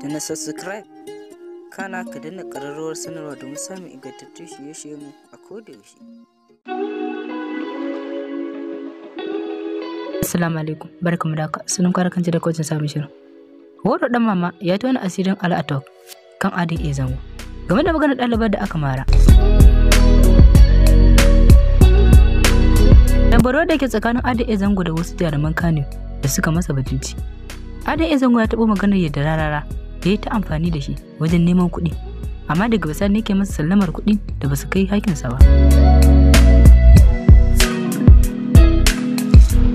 da na subscribe kana ka dana ƙararrawar sanarwa domin samun ingantattun shirye mu a kodayaushe. Assalamu alaikum barkamu da haka sunan kwara kan da kwacin samun shirin. Woro dan mama ya tona asirin al'atok kan adin iya zango game da maganar ɗalibar da aka mara. Tambaro da ke tsakanin adin iya zango da wasu jaruman Kano da suka masa bajinci. Adin iya zango ya taɓa maganar yadda rarara ya ta amfani da shi wajen neman kuɗi amma daga basa ne ke masa sallamar kuɗi da basu kai hakinsa ba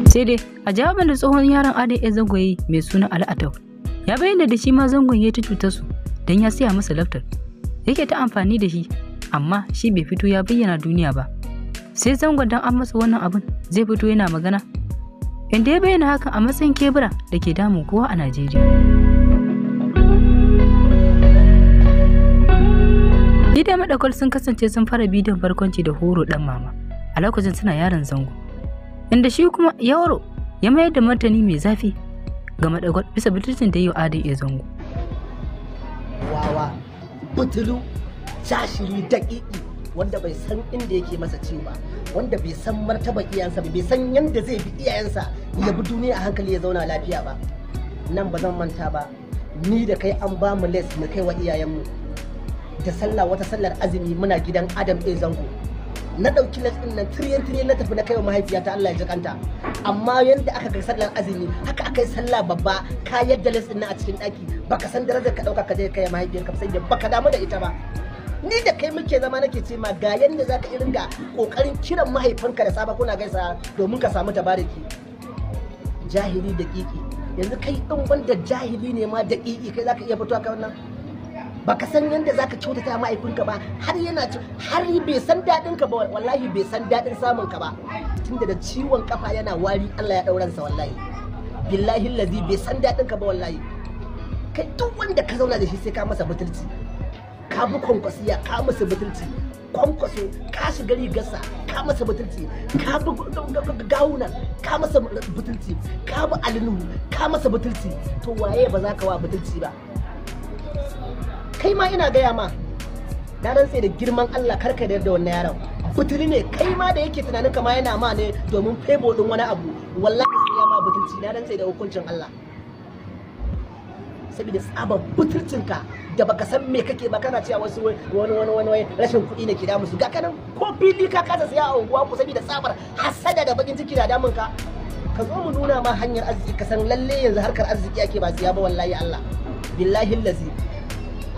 sai dai a jawabin da tsohon yaron adam ya zangoye mai suna al'atau ya bayyana da shi ma zangon ya ta cutar su don ya siya masa laftar yake ta amfani da shi amma shi bai fito ya bayyana duniya ba sai zangon don an masa wannan abun zai fito yana magana inda ya bayyana hakan a matsayin kebura da ke damun kowa a najeriya Ni da sun kasance sun fara bidiyon barkwanci da horo dan mama a lokacin suna yaron zango. Inda shi kuma yaro ya mayar da martani mai zafi ga madagwal bisa bututun da yau adin ya zango. Wawa, butulu, shashiri, daƙiƙi wanda bai san inda yake masa ciwo ba, wanda bai san martaba iyayensa ba, bai san yadda zai bi iyayensa ya bi duniya a hankali ya zauna lafiya ba. Nan ba zan manta ba, ni da kai an ba mu les mu kai wa iyayen mu. da sallah wata sallar azumi muna gidan adam a zango na ɗauki na nan tiriyan na tafi na kai wa mahaifiyata Allah ya jikanta amma yadda aka kai sallar azumi haka aka yi sallah babba ka yadda las ɗin a cikin ɗaki baka san darajar ka ɗauka ka je kai ka sai da baka damu da ita ba ni da kai muke zama nake ce ma ga yadda za ka irin ga ƙoƙarin kiran mahaifinka da saba kuna gaisa domin ka samu tabariki jahili da kiki yanzu kai ɗan wanda jahili ne ma da kiki kai za ka iya fitowa kai wannan baka san yadda zaka kyautata ma'aikunka ba har yana har bai san daɗin ka ba wallahi bai san daɗin samun ka ba tunda da ciwon kafa yana wari Allah ya sa wallahi billahi lazi bai san daɗin ka ba wallahi kai duk wanda ka zauna da shi sai ka masa butulci ka bi kwankwasiya ka masa butulci kwankwaso ka shiga rigarsa ka masa butulci ka bi gawunan ka masa butulci ka bi alinu ka masa butulci to waye ba za ka wa butulci ba kai ma ina gaya ma na rantse da girman Allah karka da wannan yaron butuli ne kai ma da yake tunanin kama yana ma ne domin febo din wani abu wallahi sai ya ma butulci na rantse da hukuncin Allah saboda tsaban butulcinka da baka san me kake ba kana cewa wasu wani wani wani rashin kuɗi ne ke damu su ga kanan ko fili ka kasa siya a unguwa ku saboda tsabar hasada da bakin ciki da damun ka ka zo mu nuna ma hanyar arziki ka san lalle yanzu harkar arziki ake ba siya ba wallahi Allah billahi lazi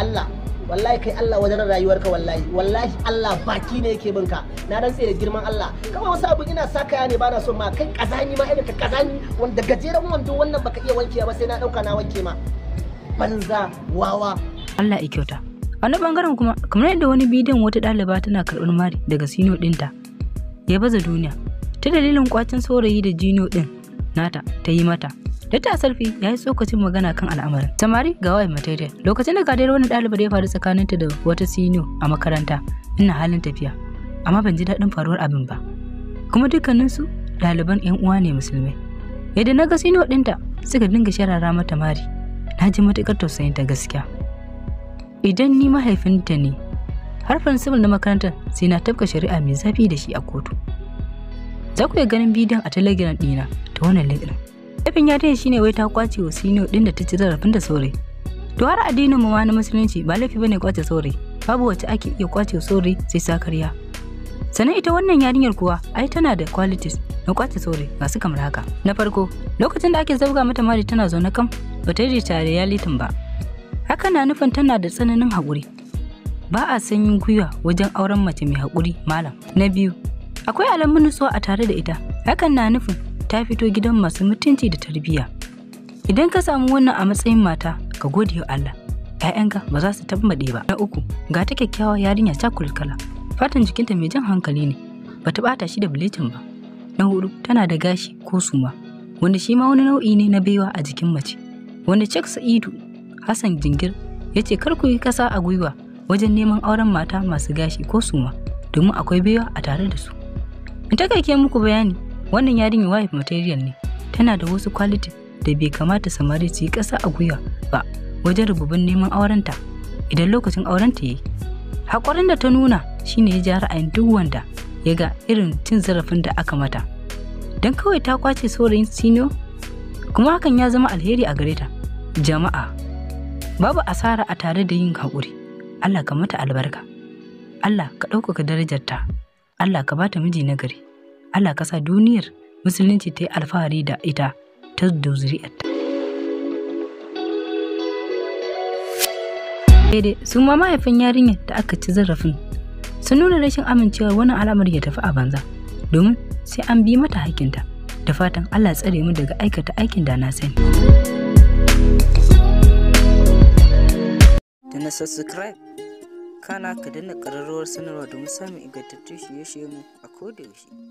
Allah wallahi kai Allah wajen rayuwarka wallahi wallahi Allah baki ne yake binka na rantse da girman Allah kawai wasu abu ina sakaya ne bana son ma kai kazani ma irin ka kazani wanda gajeren wando wannan baka iya wanke ba sai na dauka na wanke ma banza wawa Allah ya kyauta wani bangaren kuma kamar yadda wani bidiyon wata ɗaliba tana karɓar mari daga sino ta ya baza duniya ta dalilin kwacin saurayi da jino ɗin nata ta yi mata Dr. Salfi ya yi tsokacin magana kan al'amarin. Samari ga wayan mataidai. Lokacin da kadar wani ɗaliba da ya faru tsakaninta da wata siniyo a makaranta, ina halin tafiya. Amma ban ji daɗin faruwar abin ba. Kuma dukkaninsu ɗaliban 'yan uwa ne musulmai. Yadda na ga siniyo ɗinta suka dinga sharara mata mari. Na ji matuƙar tausayin ta gaskiya. Idan ni mahaifinta ne, har principal na makarantar sai na tafka shari'a mai zafi da shi a kotu. Za ku iya ganin bidiyon a telegram ɗina ta wannan link Laifin yarinya shine wai ta kwace wa sino ɗin da ta ci zarafin da saurayi. To har addinin mu ma na musulunci ba laifi bane kwace saurayi. Babu wacce ake iya kwace saurayi sai sa karya. Sannan ita wannan yarinyar kuwa ai tana da qualities na kwace saurayi masu kamar haka. Na farko, lokacin da ake zabga mata mari tana zaune kam ba ta yi tare ya yalitin ba. Haka na nufin tana da tsananin haƙuri. Ba a sanyin gwiwa wajen auren mace mai haƙuri malam. Na biyu, akwai alamun nutsuwa a tare da ita. Hakan na nufin ta fito gidan masu mutunci da tarbiyya idan ka samu wannan a matsayin mata ka gode wa Allah ‘ya'yanka ba za su tabbade ba na uku ga ta kyakkyawa yarinya ta kulkala fatan jikinta mai jan hankali ne ba ta ɓata shi da bilicin ba na hudu tana da gashi ko suma wanda shi ma wani nau'i ne na baiwa a jikin mace wanda cek sa'idu hassan jingir ya ce kar ku yi kasa a gwiwa wajen neman auren mata masu gashi ko suma domin akwai baiwa a tare da su in ke muku bayani wannan yarinyar wife material ne tana da wasu quality da bai kamata samari su yi ƙasa a gwiwa ba wajen rububin neman aurenta idan lokacin aurenta ya yi haƙurin da ta nuna shine ya ja ra'ayin duk wanda ya ga irin cin zarafin da aka mata don kawai ta kwace saurayin sino kuma hakan ya zama alheri a gare ta jama'a babu asara a tare da yin haƙuri allah ka mata albarka allah ka ɗaukaka darajarta allah ka bata miji nagari Allah kasa duniyar musulunci ta yi alfahari da ita ta da zuri'arta. Daidai su ma mahaifin yarinyar da aka ci zarafin su nuna rashin amincewa wannan al'amari ya tafi a banza domin sai an bi mata hakinta da fatan Allah tsare mu daga aikata aikin da na sani. Da subscribe kana ka dana kararrawar sanarwa domin samun ingantattun shirye-shirye mu a kodayaushe.